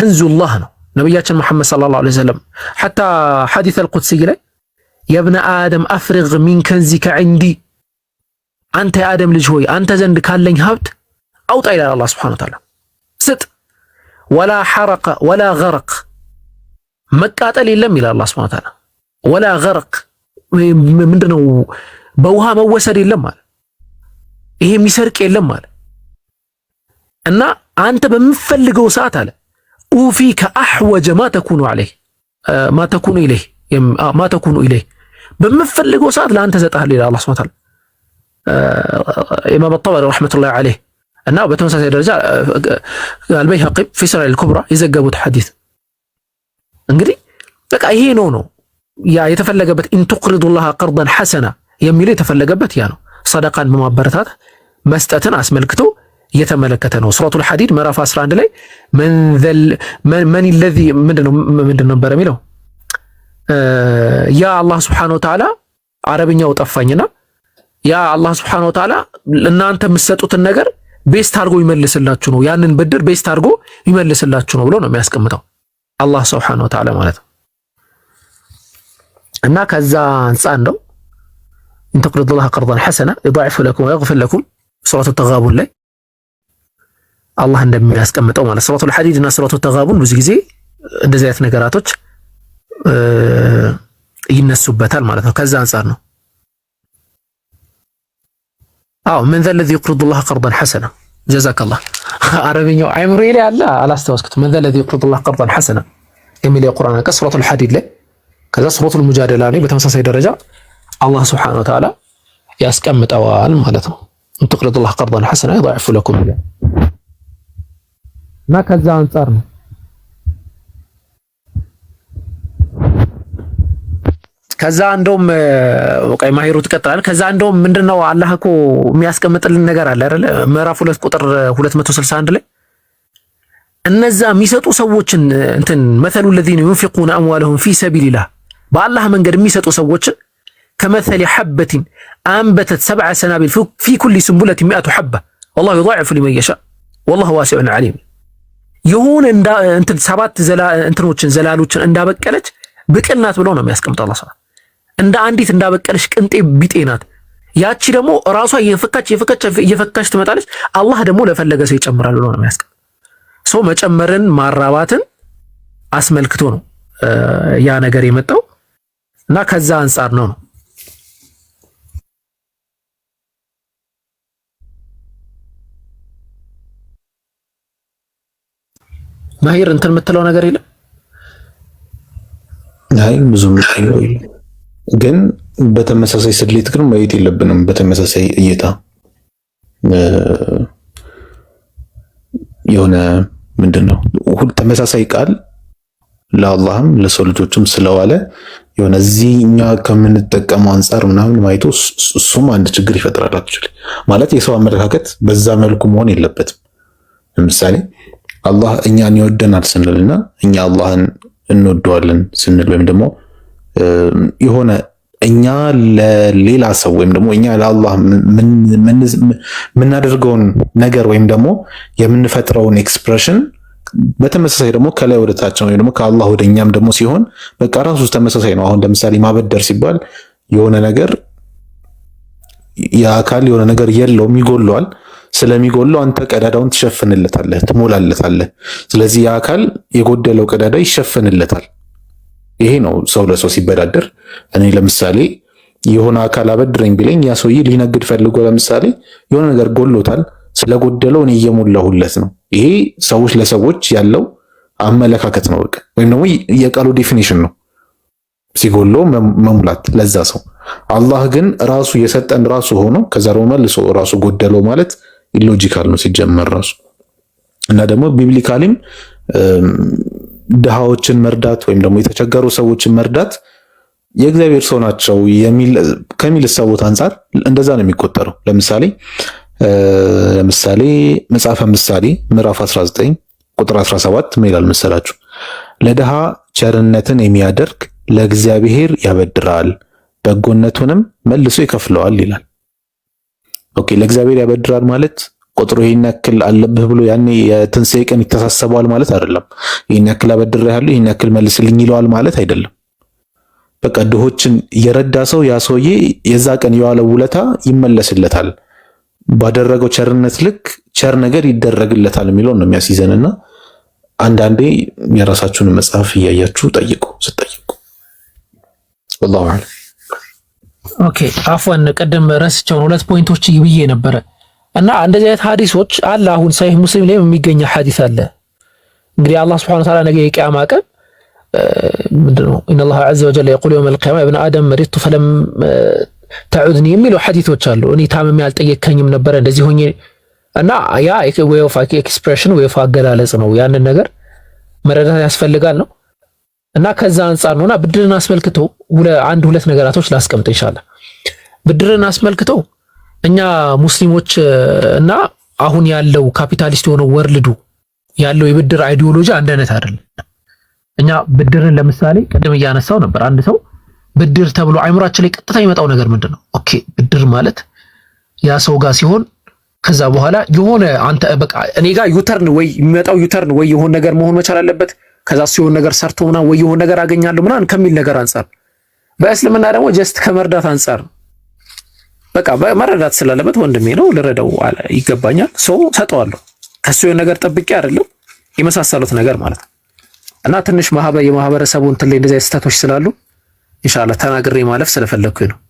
ከንዙላህ ነው ነቢያችን መሐመድ ሰለላሁ ዐለይሂ ወሰለም ሐታ ሐዲስ አልቁድስይ ላይ የብነ አደም አፍሪግ ሚን ከንዚከ ዒንዲ አንተ የአደም ልጅ ሆይ አንተ ዘንድ ካለኝ ሀብት አውጣ ይላል አላህ ሱብሓነሁ ወተዓላ ስጥ ወላ ሐረቀ ወላ ገረቅ መቃጠል የለም ይላል አላህ ሱብሓነሁ ወተዓላ ወላ ገረቅ ምንድነው በውሃ መወሰድ የለም አለ ይሄ የሚሰርቅ የለም አለ እና አንተ በምፈልገው ሰዓት አለ أوفيك أحوج ما تكون عليه آه، ما تكون إليه آه، ما تكون إليه بمفلق وصاد لأن أهل إلى الله سبحانه وتعالى آه، إمام الطبري رحمة الله عليه أنه بتمسى سيد الرجاء البيهقي في سرع الكبرى يزقبوا حديث انقري بقى هي نونو يا يتفلق يتفلقبت إن تقرض الله قرضا حسنا يميلي تفلقبت يانو صدقا بما برثات مستأتنا اسملكتو እየተመለከተ ነው። ሱረቱል ሐዲድ ምዕራፍ 11 ላይ መን ለዚ ምንድን ነበር የሚለው ያ አላህ ስብሐነ ወተዓላ አረብኛው ጠፋኝና ያ አላህ ስብሐነ ወተዓላ እናንተ የምትሰጡትን ነገር ቤስት አድርጎ ይመልስላችሁ ነው ያንን ብድር ቤስት አድርጎ ይመልስላችሁ ነው ብሎ ነው የሚያስቀምጠው አላህ ስብሐነ ወተዓላ ማለት ነው። እና ከዛ አንፃር ነው ኢን ቀርዳን ሐሰና ይضዕፍ ለኩም ወየግፊር ለኩም ሱረቱ ተጋቡን ላይ አላህ እንደሚያስቀምጠው ማለት ሱረቱል ሐዲድ እና ሱረቱት ተጋቡን ብዙ ጊዜ እንደዚህ አይነት ነገራቶች ይነሱበታል ማለት ነው። ከዛ አንጻር ነው። አዎ ምን ዘ ለዚ ይቅርዱ ላህ ቀርዳን ሐሰና ጀዛከላህ። አረብኛው አይምሮ ላይ አለ አላስታወስኩትም። ምን ዘ ለዚ ይቅርዱ ላህ ቀርዳን ሐሰና የሚል የቁርአን አንቀጽ ሱረቱል ሐዲድ ላይ ከዛ ሱረቱል ሙጃደላ ላይ በተመሳሳይ ደረጃ አላህ ሱብሓነሁ ወተዓላ ያስቀምጠዋል ማለት ነው። እንቱቅሪዱላህ ቀርዳን ሐሰና ይዳዕፉ ለኩም እና ከዛ አንጻር ነው ከዛ እንደውም ቀይ ማሂሩ ትቀጥላለህ። ከዛ እንደውም ምንድነው አላህ እኮ የሚያስቀምጥልን ነገር አለ አይደለ? ምዕራፍ ሁለት ቁጥር 261 ላይ እነዛ የሚሰጡ ሰዎችን እንትን መተሉ الذين ينفقون اموالهم في سبيل الله በአላህ መንገድ የሚሰጡ ሰዎችን ከመተል حبة አንበተት ሰብዐ ሰናቢል في كل سنبلة مئة حبة والله يضاعف لمن يشاء والله واسع عليم የሆነ እንትን ሰባት እንትኖችን ዘላሎችን እንዳበቀለች ብቅል ናት ብለው ነው የሚያስቀምጠው አላህ ስብሐ እንደ አንዲት እንዳበቀለች ቅንጤ ቢጤ ናት። ያቺ ደግሞ ራሷ እየፈካች እየፈካች እየፈካች ትመጣለች። አላህ ደግሞ ለፈለገ ሰው ይጨምራል ብሎ ነው የሚያስቀምጠው። ሰው መጨመርን ማራባትን አስመልክቶ ነው ያ ነገር የመጣው እና ከዛ አንጻር ነው ነው ማሄር እንትን የምትለው ነገር የለም። አይ ብዙ ግን በተመሳሳይ ስሌት ግን ማየት የለብንም። በተመሳሳይ እይታ የሆነ ምንድን ነው ተመሳሳይ ቃል ለአላህም ለሰው ልጆችም ስለዋለ የሆነ እዚህ እኛ ከምንጠቀመው አንጻር ምናምን ማየቱ እሱም አንድ ችግር ይፈጥራል። አክቹዋሊ ማለት የሰው አመለካከት በዛ መልኩ መሆን የለበትም። ለምሳሌ አላህ እኛን ይወደናል ስንልና እኛ አላህን እንወደዋለን ስንል ወይም ደግሞ የሆነ እኛ ለሌላ ሰው ወይም ደግሞ እኛ ለአላህ የምናደርገውን ነገር ወይም ደግሞ የምንፈጥረውን ኤክስፕሬሽን በተመሳሳይ ደግሞ ከላይ ወደ ታች ነው። ወይም ደግሞ ከአላህ ወደ እኛም ደግሞ ሲሆን በቃ ራሱ ተመሳሳይ ነው። አሁን ለምሳሌ ማበደር ሲባል የሆነ ነገር የአካል የሆነ ነገር የለውም ይጎለዋል። ስለሚጎለው አንተ ቀዳዳውን ትሸፍንለታለህ፣ ትሞላለታለህ። ስለዚህ ያ የጎደለው ቀዳዳ ይሸፍንለታል። ይሄ ነው ሰው ለሰው ሲበዳደር። እኔ ለምሳሌ የሆነ አካል አበድረኝ ቢለኝ ያ ሰውዬ ሊነግድ ፈልጎ ለምሳሌ የሆነ ነገር ጎሎታል፣ ስለጎደለው እኔ እየሞላሁለት ነው። ይሄ ሰዎች ለሰዎች ያለው አመለካከት ነው፣ በቃ ወይም ደግሞ የቃሉ ዴፊኒሽን ነው ሲጎሎ መሙላት ለዛ ሰው። አላህ ግን ራሱ የሰጠን ራሱ ሆኖ ከዛ ደግሞ መልሶ ራሱ ጎደለው ማለት ኢሎጂካል ነው ሲጀመር ራሱ እና ደግሞ ቢብሊካሊም ድሃዎችን መርዳት ወይም ደግሞ የተቸገሩ ሰዎችን መርዳት የእግዚአብሔር ሰው ናቸው ከሚል ሰቦት አንጻር እንደዛ ነው የሚቆጠረው። ለምሳሌ ለምሳሌ መጽሐፈ ምሳሌ ምዕራፍ 19 ቁጥር 17 ምን ይላል መሰላችሁ? ለድሃ ቸርነትን የሚያደርግ ለእግዚአብሔር ያበድራል፣ በጎነቱንም መልሶ ይከፍለዋል ይላል። ኦኬ ለእግዚአብሔር ያበድራል ማለት ቁጥሩ ይህን ያክል አለብህ ብሎ ያኔ የትንሣኤ ቀን ይተሳሰበዋል ማለት አይደለም። ይህን ያክል አበድሬሃለሁ ይህን ያክል መልስልኝ ይለዋል ማለት አይደለም። በቃ ድሆችን የረዳ ሰው ያ ሰውዬ የዛ ቀን የዋለው ውለታ ይመለስለታል። ባደረገው ቸርነት ልክ ቸር ነገር ይደረግለታል የሚለውን ነው የሚያስይዘንና አንዳንዴ የራሳችሁን መጽሐፍ እያያችሁ ጠይቁ ስጠይቁ ወላሁ አለም ኦኬ አፏን ቀደም ረስቸውን ሁለት ፖይንቶች ብዬ ነበረ እና እንደዚህ አይነት ሀዲሶች አለ። አሁን ሳይህ ሙስሊም ላይ የሚገኝ ሀዲስ አለ። እንግዲህ አላህ ሱብሓነሁ ወተዓላ ነገ የቂያማ ቀን ምንድነው ኢነላህ ዐዘ ወጀል የቁል የውመል ቂያማ ኢብነ አደም መሪቱ ፈለም ተዑድኒ የሚሉ ሀዲቶች አሉ። እኔ ታምሜ አልጠየከኝም ነበረ እንደዚህ ሆኜ እና ያ ዌይ ኦፍ ኤክስፕሬሽን ዌይ ኦፍ አገላለጽ ነው። ያንን ነገር መረዳት ያስፈልጋል ነው እና ከዛ አንጻር ነውና ብድርን አስመልክቶ አንድ ሁለት ነገራቶች ላስቀምጥ ይሻላል። ብድርን አስመልክቶ እኛ ሙስሊሞች እና አሁን ያለው ካፒታሊስት የሆነው ወርልዱ ያለው የብድር አይዲዮሎጂ አንድ አይነት አይደለም። እኛ ብድርን ለምሳሌ ቅድም እያነሳው ነበር። አንድ ሰው ብድር ተብሎ አይምሯችን ላይ ቀጥታ የሚመጣው ነገር ምንድን ነው? ኦኬ ብድር ማለት ያ ሰው ጋር ሲሆን ከዛ በኋላ የሆነ አንተ በቃ እኔ ጋር ዩተርን ወይ የሚመጣው ዩተርን ወይ የሆነ ነገር መሆን መቻል አለበት ከዛ ሲሆን ነገር ሰርቶ ምናምን ወይ የሆነ ነገር አገኛለሁ ምናምን ከሚል ነገር አንጻር፣ በእስልምና ደግሞ ጀስት ከመርዳት አንጻር በቃ መረዳት ስላለበት ወንድሜ ነው ልረዳው ይገባኛል፣ ሰው ሰጠዋለሁ። ከሱ የሆነ ነገር ጠብቄ አይደለም የመሳሰሉት ነገር ማለት ነው። እና ትንሽ ማህበር የማህበረሰቡ እንትን እንደዚህ አይነት ስህተቶች ስላሉ ኢንሻአላህ ተናግሬ ማለፍ ስለፈለኩኝ ነው።